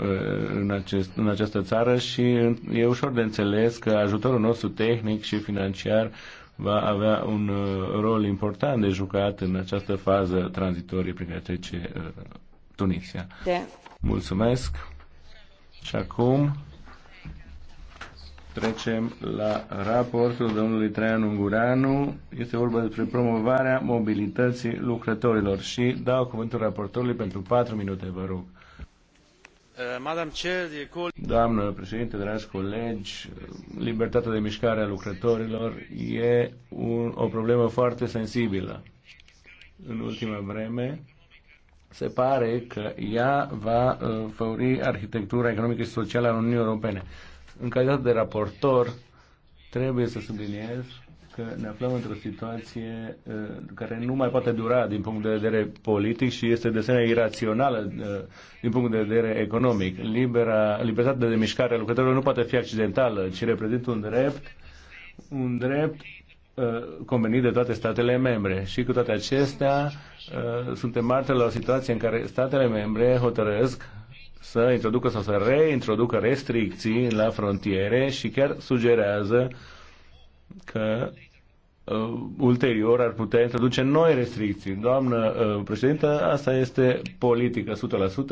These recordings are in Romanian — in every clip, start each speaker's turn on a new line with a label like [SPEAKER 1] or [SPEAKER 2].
[SPEAKER 1] Eh, în, acest, în această țară și e ușor de înțeles că ajutorul nostru tehnic și financiar va avea un eh, rol important de jucat în această fază tranzitorie prin care trece eh, Tunisia. De. Mulțumesc. Și acum trecem la raportul domnului Traian Unguranu. Este vorba despre promovarea mobilității lucrătorilor și dau cuvântul raportorului pentru 4 minute, vă rog. Uh, Doamnă președinte, dragi colegi, libertatea de mișcare a lucrătorilor e un, o problemă foarte sensibilă. În ultima vreme se pare că ea va uh, făuri arhitectura economică și socială a Uniunii Europene. În calitate de raportor, trebuie să subliniez că ne aflăm într-o situație uh, care nu mai poate dura din punct de vedere politic și este de asemenea irațională uh, din punct de vedere economic. Libera, libertatea de mișcare a lucrătorilor nu poate fi accidentală, ci reprezintă un drept, un drept uh, convenit de toate statele membre. Și cu toate acestea, suntem martori la o situație în care statele membre hotărăsc să introducă sau să reintroducă restricții la frontiere și chiar sugerează uh, că uh, ulterior ar putea introduce noi restricții. Doamnă uh, președintă, asta este politică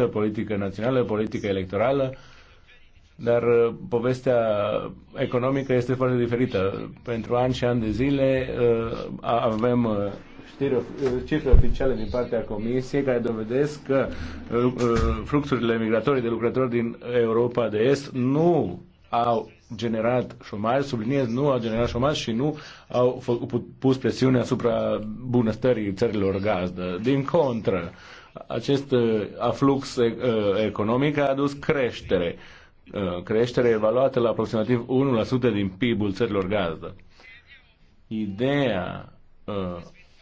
[SPEAKER 1] 100%, politică națională, politică electorală, dar uh, povestea economică este foarte diferită. Pentru ani și ani de zile uh, avem uh, știri, uh, cifre oficiale din partea Comisiei care dovedesc că uh, uh, fluxurile migratorii de lucrători din Europa de Est nu au generat șomaj, subliniez, nu au generat șomaj și nu au pus presiune asupra bunăstării țărilor gazdă. Din contră, acest uh, aflux uh, economic a adus creștere, uh, creștere evaluată la aproximativ 1% din PIB-ul țărilor gazdă. Ideea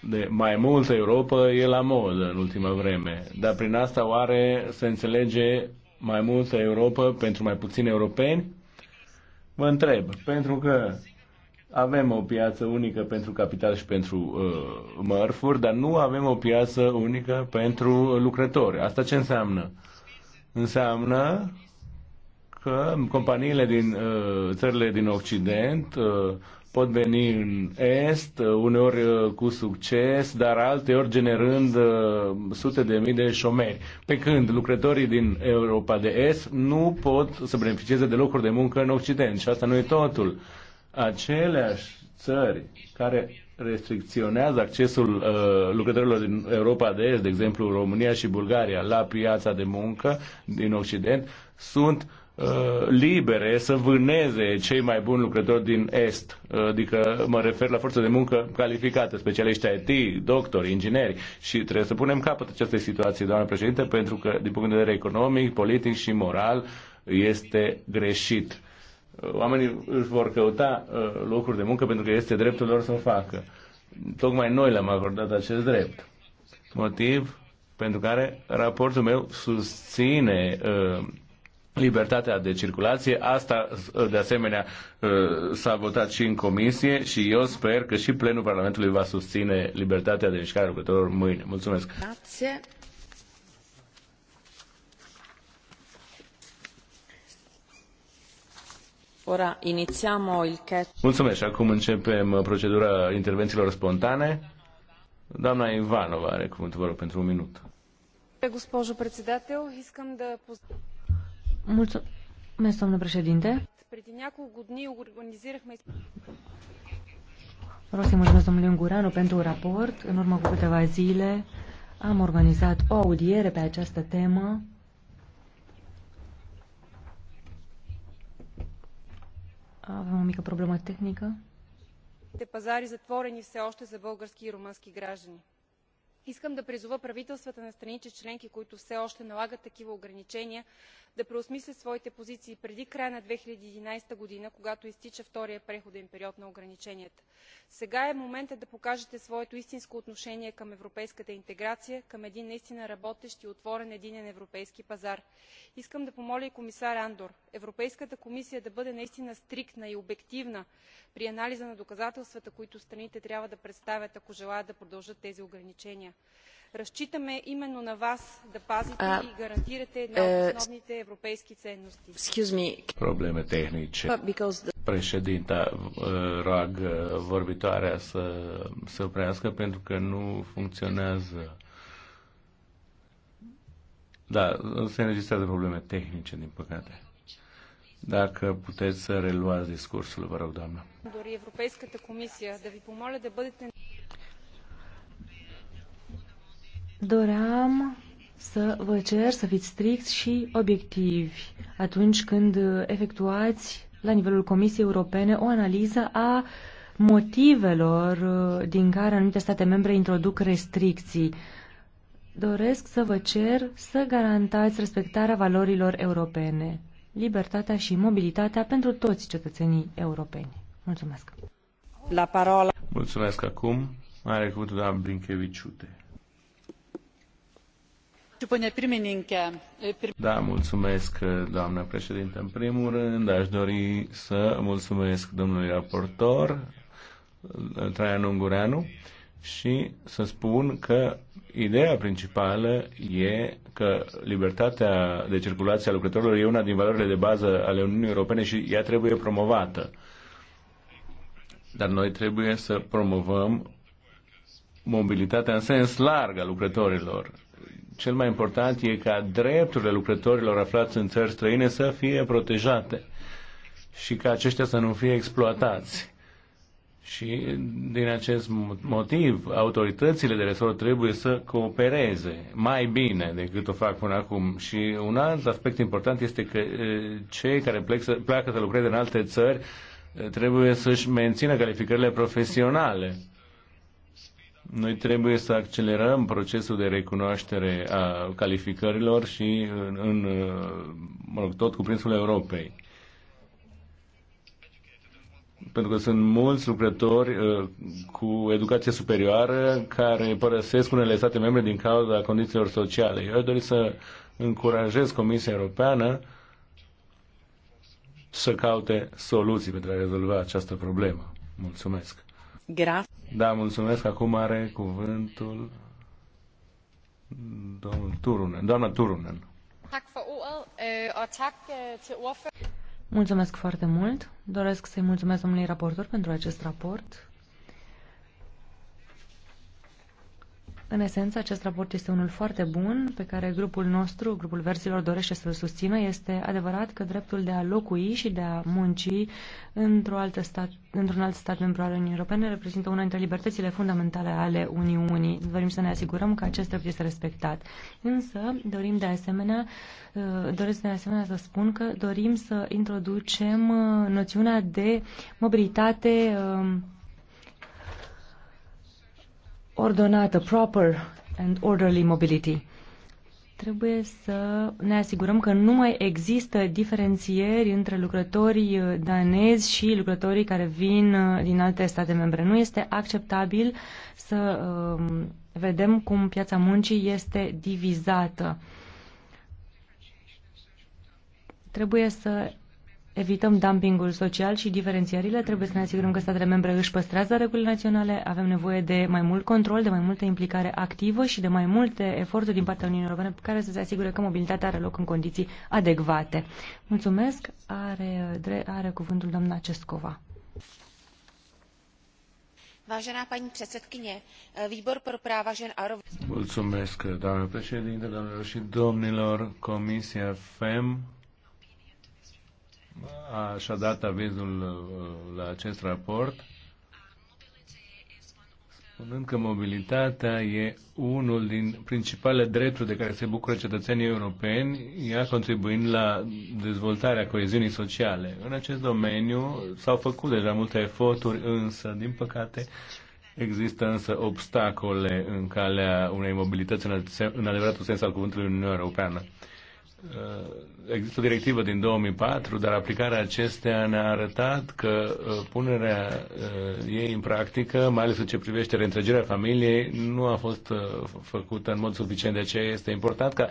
[SPEAKER 1] de mai multă Europa e la mod în ultima vreme, dar prin asta oare se înțelege mai multă Europa pentru mai puțini europeni? Vă întreb, pentru că avem o piață unică pentru capital și pentru uh, mărfuri, dar nu avem o piață unică pentru lucrători. Asta ce înseamnă? Înseamnă că companiile din uh, țările din Occident uh, pot veni în Est, uh, uneori cu succes, dar alteori generând sute de mii de șomeri. Pe când lucrătorii din Europa de Est nu pot să beneficieze de locuri de muncă în Occident. Și asta nu e totul. Aceleași țări care restricționează accesul uh, lucrătorilor din Europa de Est, de exemplu România și Bulgaria, la piața de muncă din Occident, sunt uh, Uh, libere să vâneze cei mai buni lucrători din Est, uh, adică mă refer la forță de muncă calificată, specialiști IT, doctori, ingineri și trebuie să punem capăt acestei situații, doamnă președinte, pentru că din punct de vedere economic, politic și moral este greșit. Uh, oamenii își vor căuta locuri de muncă pentru că este dreptul lor să o facă. Tocmai noi le-am acordat acest drept. Motiv pentru care raportul meu susține uh, libertatea de circulație. Asta, de asemenea, uh, s-a votat și în comisie și eu sper că și plenul Parlamentului va susține libertatea de mișcare a lucrătorilor mâine. Mulțumesc!
[SPEAKER 2] Grazie. Ora inițiamo il cat.
[SPEAKER 1] Mulțumesc. Acum începem uh, procedura intervențiilor spontane. Doamna Ivanova are cuvântul, vă rog, pentru un minut.
[SPEAKER 2] Pe председател, искам iscăm de
[SPEAKER 3] Mulțumesc, domnule președinte. Vreau să-i mulțumesc domnului Ungureanu pentru raport. În urmă cu câteva zile am organizat o audiere pe această temă. Avem o mică problemă tehnică.
[SPEAKER 2] De пазари затворени все още за български и румънски граждани искам да призова правителствата на страните членки които все още налагат такива ограничения да преосмислят своите позиции преди края на две хиляди и единадесета г. когато изтича вторият преходен период на ограниченията. сега е моментът да покажете своето истинско отношение към европейската интеграция към един наистина работещ и отворен единен европейски пазар. искам да помоля и комисар андор европейската комисия да бъде наистина стриктна и обективна при анализа на доказателствата които страните трябва да представят ако желаят да продължат тези ограничения разчитаме именно на вас да пазите uh, и гарантирате една от основните uh, европейски ценности.
[SPEAKER 1] Probleme tehnice. Uh, because Președinta, rog vorbitoarea să se oprească pentru că nu funcționează. Da, se înregistrează probleme tehnice, din păcate. Dacă puteți să reluați discursul, vă rog, doamnă.
[SPEAKER 2] Dori Европейската Comisia da vi pomole да бъдете
[SPEAKER 3] Doream să vă cer să fiți stricți și obiectivi atunci când efectuați la nivelul Comisiei Europene o analiză a motivelor uh, din care anumite state membre introduc restricții. Doresc să vă cer să garantați respectarea valorilor europene, libertatea și mobilitatea pentru toți cetățenii europeni. Mulțumesc! La parola.
[SPEAKER 1] Mulțumesc acum. Are cuvântul doamna Brinkeviciute. Da, mulțumesc, doamnă președinte. În primul rând, aș dori să mulțumesc domnului raportor, Traian Ungureanu, și să spun că ideea principală e că libertatea de circulație a lucrătorilor e una din valorile de bază ale Uniunii Europene și ea trebuie promovată. Dar noi trebuie să promovăm mobilitatea în sens larg a lucrătorilor cel mai important e ca drepturile lucrătorilor aflați în țări străine să fie protejate și ca aceștia să nu fie exploatați. Și din acest motiv, autoritățile de resort trebuie să coopereze mai bine decât o fac până acum. Și un alt aspect important este că cei care plecă, pleacă să lucreze în alte țări trebuie să-și mențină calificările profesionale noi trebuie să accelerăm procesul de recunoaștere a calificărilor și în, în mă rog, tot cuprinsul Europei. Pentru că sunt mulți lucrători uh, cu educație superioară care părăsesc unele state membre din cauza condițiilor sociale. Eu dori să încurajez Comisia Europeană să caute soluții pentru a rezolva această problemă. Mulțumesc! Grazie. Da, mulțumesc. Acum are cuvântul domnul Turunen, doamna Turunen.
[SPEAKER 2] Øh, øh,
[SPEAKER 3] mulțumesc foarte mult. Doresc să-i mulțumesc domnului raportor pentru acest raport În esență, acest raport este unul foarte bun pe care grupul nostru, grupul versilor, dorește să-l susțină. Este adevărat că dreptul de a locui și de a munci într-un alt stat, într-un alt stat membru al Uniunii Europene reprezintă una dintre libertățile fundamentale ale Uniunii. Dorim să ne asigurăm că acest drept este respectat. Însă, dorim de asemenea, uh, doresc de asemenea să spun că dorim să introducem uh, noțiunea de mobilitate uh, ordonată, proper and orderly mobility. Trebuie să ne asigurăm că nu mai există diferențieri între lucrătorii uh, danezi și lucrătorii care vin uh, din alte state membre. Nu este acceptabil să um, vedem cum piața muncii este divizată. Trebuie să evităm dumpingul social și diferențiarile, trebuie să ne asigurăm că statele membre își păstrează regulile naționale, avem nevoie de mai mult control, de mai multă implicare activă și de mai multe eforturi din partea Uniunii Europene care să se asigure că mobilitatea are loc în condiții adecvate. Mulțumesc, are, are cuvântul doamna Cescova.
[SPEAKER 2] Vážená paní předsedkyně, výbor pro práva žen a rovnost.
[SPEAKER 1] Mulțumesc, dámy președinte, doamnelor domnilor, Comisia FEM Așa dat avizul uh, la acest raport, spunând că mobilitatea e unul din principalele drepturi de care se bucură cetățenii europeni, ea contribuind la dezvoltarea coeziunii sociale. În acest domeniu s-au făcut deja multe eforturi, însă, din păcate, Există însă obstacole în calea unei mobilități în adevăratul sens al cuvântului Uniunea Europeană. Uh, există o directivă din 2004, dar aplicarea acesteia ne-a arătat că uh, punerea uh, ei în practică, mai ales în ce privește reîntregirea familiei, nu a fost făcută în mod suficient. De aceea este important ca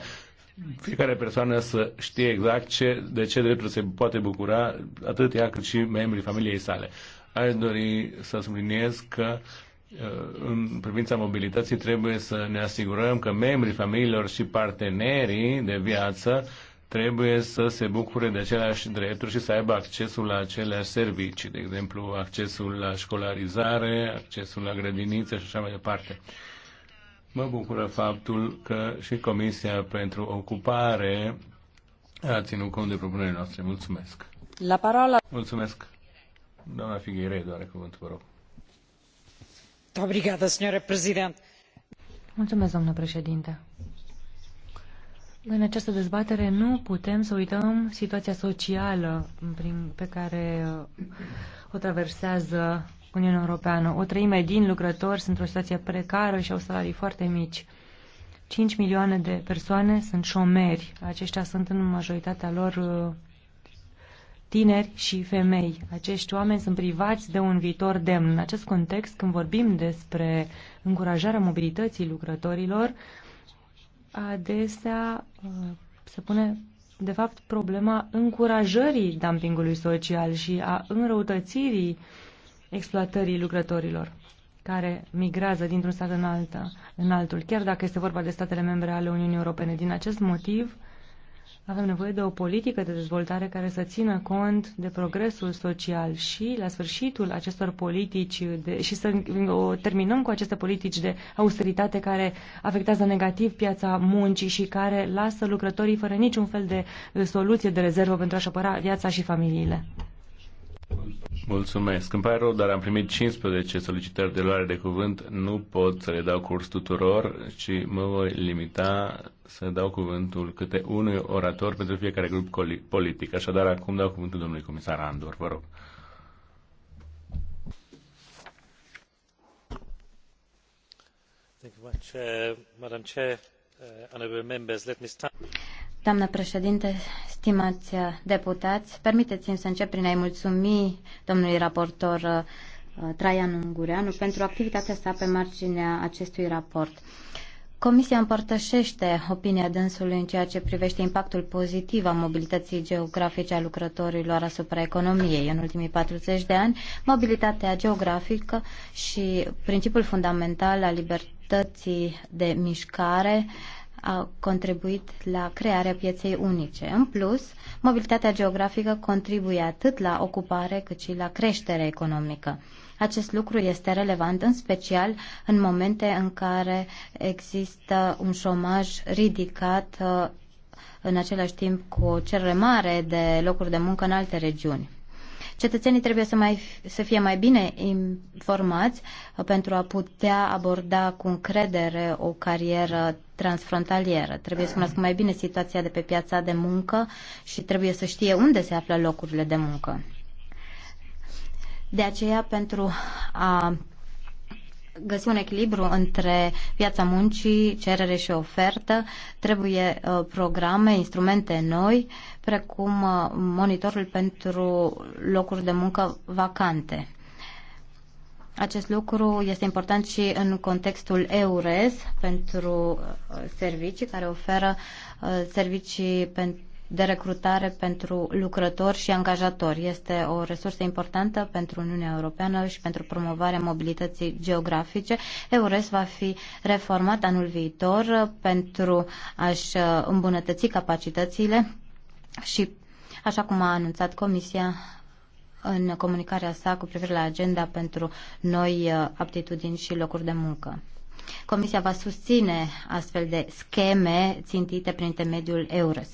[SPEAKER 1] fiecare persoană să știe exact ce, de ce dreptul se poate bucura atât ea cât și membrii familiei sale. Aș dori să subliniez că uh, Uh, în privința mobilității trebuie să ne asigurăm că membrii familiilor și partenerii de viață trebuie să se bucure de aceleași drepturi și să aibă accesul la aceleași servicii, de exemplu accesul la școlarizare, accesul la grădinițe și așa mai departe. Mă bucură faptul că și Comisia pentru Ocupare a ținut cont de propunerile noastre. Mulțumesc.
[SPEAKER 3] La parola.
[SPEAKER 1] Mulțumesc. Doamna Figueiredo are cuvântul, vă rog
[SPEAKER 3] în această dezbatere nu putem să uităm situația socială pe care uh, o traversează Uniunea Europeană. O treime din lucrători sunt într-o situație precară și au salarii foarte mici. 5 milioane de persoane sunt șomeri. Aceștia sunt în majoritatea lor uh, tineri și femei. Acești oameni sunt privați de un viitor demn. În acest context, când vorbim despre încurajarea mobilității lucrătorilor, adesea uh, se pune de fapt problema încurajării dumpingului social și a înrăutățirii exploatării lucrătorilor care migrează dintr-un stat în, alta, în altul, chiar dacă este vorba de statele membre ale Uniunii Europene. Din acest motiv, avem nevoie de o politică de dezvoltare care să țină cont de progresul social și la sfârșitul acestor politici de, și să o terminăm cu aceste politici de austeritate care afectează negativ piața muncii și care lasă lucrătorii fără niciun fel de soluție de rezervă pentru a-și apăra viața și familiile.
[SPEAKER 1] Mulțumesc. Îmi pare rău, dar am primit 15 solicitări de luare de cuvânt. Nu pot să le dau curs tuturor, ci mă voi limita să dau cuvântul câte unui orator pentru fiecare grup politic. Așadar, acum dau cuvântul domnului comisar Andor. Vă rog.
[SPEAKER 4] Doamnă președinte, Stimați uh, deputați, permiteți-mi să încep prin a-i mulțumi domnului raportor uh, Traian Ungureanu pentru activitatea sa pe marginea acestui raport. Comisia împărtășește opinia dânsului în ceea ce privește impactul pozitiv a mobilității geografice a lucrătorilor asupra economiei. În ultimii 40 de ani, mobilitatea geografică și principiul fundamental al libertății de mișcare uh, a contribuit la crearea pieței unice. În plus, mobilitatea geografică contribuie atât la ocupare cât și la creștere economică. Acest lucru este relevant în special în momente în care există un șomaj ridicat uh, în același timp cu o cerere mare de locuri de muncă în alte regiuni. Cetățenii trebuie să, mai, să fie mai bine informați pentru a putea aborda cu încredere o carieră transfrontalieră. Trebuie să cunoască mai bine situația de pe piața de muncă și trebuie să știe unde se află locurile de muncă. De aceea, pentru a găsi un echilibru între piața muncii, cerere și ofertă, trebuie uh, programe, instrumente noi, precum uh, monitorul pentru locuri de muncă vacante. Acest lucru este important și în contextul EURES pentru uh, servicii care oferă servicii pentru de recrutare pentru lucrători și angajatori. Este o resursă importantă pentru Uniunea Europeană și pentru promovarea mobilității geografice. EURES va fi reformat anul viitor pentru a-și uh, îmbunătăți capacitățile și, așa cum a anunțat Comisia în comunicarea sa cu privire la agenda pentru noi uh, aptitudini și locuri de muncă. Comisia va susține astfel de scheme țintite prin intermediul EURES.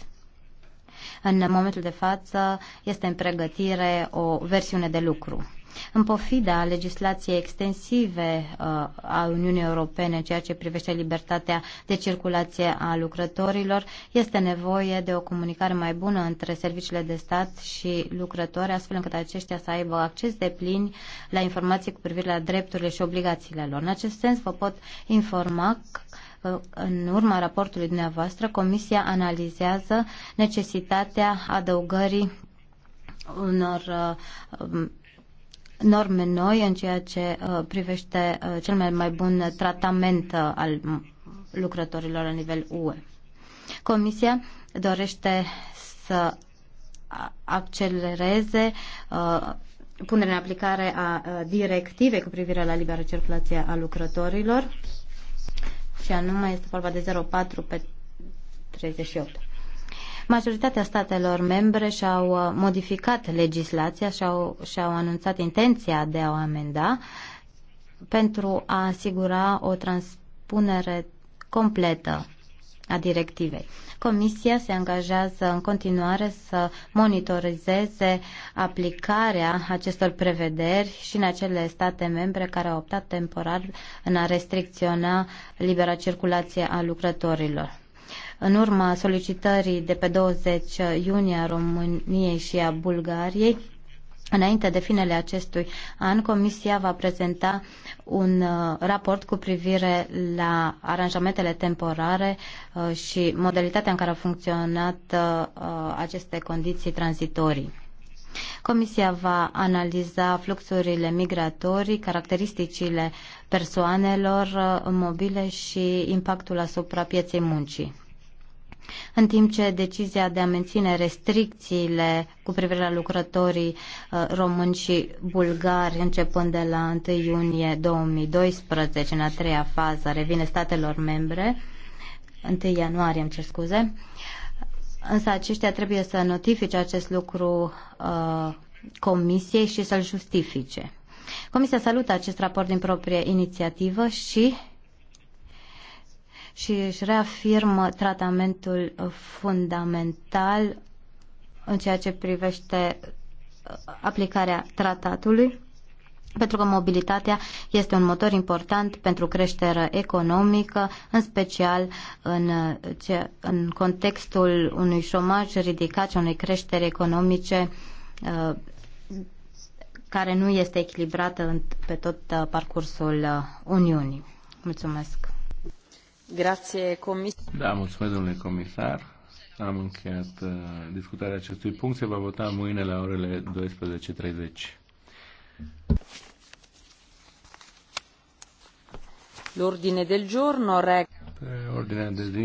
[SPEAKER 4] În momentul de față este în pregătire o versiune de lucru. În pofida legislației extensive uh, a Uniunii Europene în ceea ce privește libertatea de circulație a lucrătorilor, este nevoie de o comunicare mai bună între serviciile de stat și lucrători, astfel încât aceștia să aibă acces de plin la informații cu privire la drepturile și obligațiile lor. În acest sens, vă pot informa în urma raportului dumneavoastră, Comisia analizează necesitatea adăugării unor uh, norme noi în ceea ce uh, privește uh, cel mai, mai bun tratament al lucrătorilor la nivel UE. Comisia dorește să accelereze punerea în aplicare a directivei cu privire la libera circulație a lucrătorilor și anume este vorba de 04 pe 38. Majoritatea statelor membre și-au uh, modificat legislația și-au, și-au anunțat intenția de a o amenda pentru a asigura o transpunere completă a directivei. Comisia se angajează în continuare să monitorizeze aplicarea acestor prevederi și în acele state membre care au optat temporar în a restricționa libera circulație a lucrătorilor. În urma solicitării de pe 20 iunie a României și a Bulgariei, Înainte de finele acestui an, Comisia va prezenta un uh, raport cu privire la aranjamentele temporare uh, și modalitatea în care au funcționat uh, aceste condiții tranzitorii. Comisia va analiza fluxurile migratorii, caracteristicile persoanelor mobile și impactul asupra pieței muncii în timp ce decizia de a menține restricțiile cu privire la lucrătorii uh, români și bulgari începând de la 1 iunie 2012 în a treia fază revine statelor membre 1 ianuarie, îmi cer scuze, însă aceștia trebuie să notifice acest lucru uh, comisiei și să-l justifice. Comisia salută acest raport din proprie inițiativă și și își reafirmă tratamentul fundamental în ceea ce privește uh, aplicarea tratatului, pentru că mobilitatea este un motor important pentru creșterea economică, în special în, uh, ce, în contextul unui șomaj ridicat și unei creșteri economice uh, care nu este echilibrată pe tot parcursul Uniunii. Mulțumesc! Grație, comisar.
[SPEAKER 1] Da, mulțumesc, domnule comisar. Am încheiat uh, discutarea acestui punct. Se va vota mâine la orele 12.30.
[SPEAKER 3] L'ordine del giorno reca.
[SPEAKER 1] de zi